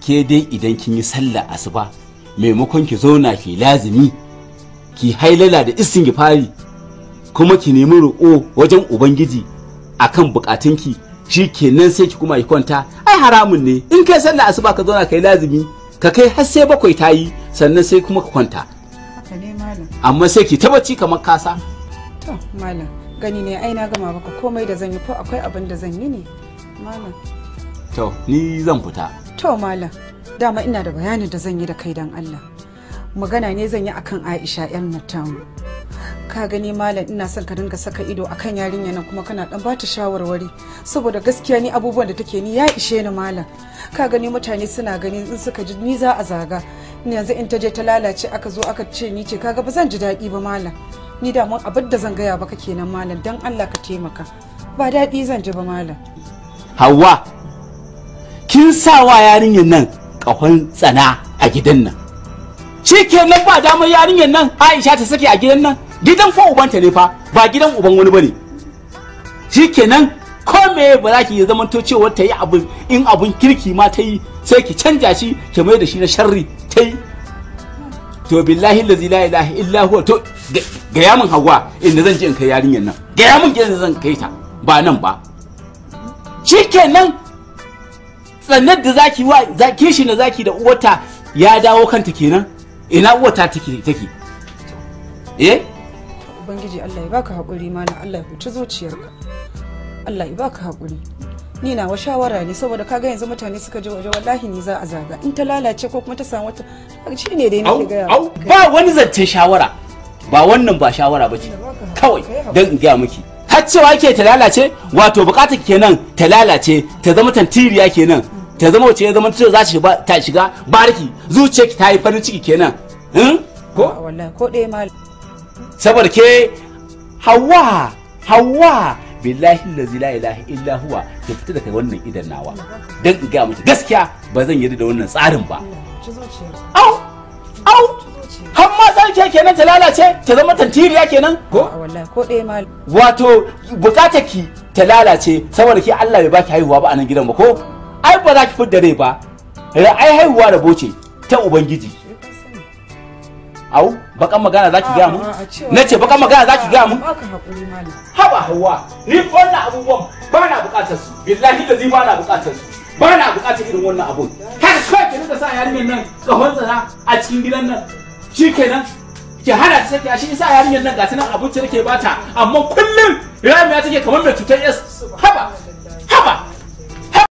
ke dai idan kin yi sallah asuba maimakon ki zauna ki lazimi ki hailala da istin fari kuma ki nemi roƙo wajen ubangiji akan ki shi kenan sai ki kuma ki kwanta ai haramun ne in kai sallah asuba ka zauna kai lazimi ka kai har sai bakwai ta yi, sannan sai kuma ka kwanta haka ne amma sai ki tabbaci kamar kasa to malam gani ne ai gama maka komai da zan yi ko akwai abin da zan yi ni zan fita to dama ina da bayanin da zan yi da kai dan Allah magana ne zan yi akan Aisha 'yan matamu. ka gani malam ina son ka dinga saka ido akan yarinya na kuma kana dan bata shawarwari saboda gaskiya ni abubuwan da take ni ya ishe ni malam ka gani mutane suna gani in suka ji ni za a zaga yanzu in ta je ta lalace aka zo aka ce ni ce kaga ba zan ji daɗi ba malam ni da mun abin da zan gaya baka kenan malam dan Allah ka taimaka ba daɗi zan ji ba malam hawa kin sawa yarinyar nan kahon tsana a gidan nan shi kenan ba damar yarinyar nan Aisha ta sake a gidan nan gidan fa ubanta ne fa ba gidan uban wani bane shi kenan ko ba za ki zama to cewa ta yi abu in abun kirki ma ta yi sai ki canja shi ki mai da shi na sharri ta yi to billahi lazi la ilaha illa huwa to ga yamin hawa inda zan je in kai yarinyar nan ga yamin ke zan kai ta ba nan ba shikenan tsannar da zaki wa zaki shi na zaki da uwata ya dawo kanta kenan ina uwata take take eh ubangiji Allah ya baka haƙuri malam Allah ya huci zuciyarka Allah ya baka hakuri ni na wa shawara ne saboda kaga yanzu mutane suka je waje wallahi ni za a zaga in ta lalace ko kuma ta samu wata shine dai ne ga ya ba wani zancen shawara ba wannan ba shawara ba ce kawai dan in gaya miki har cewa ke ta lalace wato bukatar kenan ta lalace ta zama tantiriya kenan ta zama wace ya zama ta za ta shiga bariki zuciyarki ta yi farin ciki kenan hmm? ko wallahi ko dai ɗaya saboda ke hawa hawa billahi la ilaha illa huwa ta fita daga wannan idan nawa don in ga mata gaskiya ba zan yarda da wannan tsarin ba au au har ma kenan ta lalace ta zama tantiriya kenan ko wato bukatar ki ta lalace saboda ki Allah bai baki haihuwa ba a nan gidan ba ko ai ba za ki fidda rai ba ai haihuwa rabo ce ta ubangiji Au, bakan magana za ki gaya mu? Na ce bakan magana za ki gaya mu? Haba hawa, ni wannan abubuwan ba na bukatar su, billahi da ba na bukatar su, ba na bukatar irin wannan abun. Haka kai ki rika sa yarinyar nan tsohon tsana a cikin gidan nan, shi kenan ki hana ta tafiya shi sa yarinyar nan ga ta nan abinci ke bata amma kullum ramiya take kamar mai cutar haba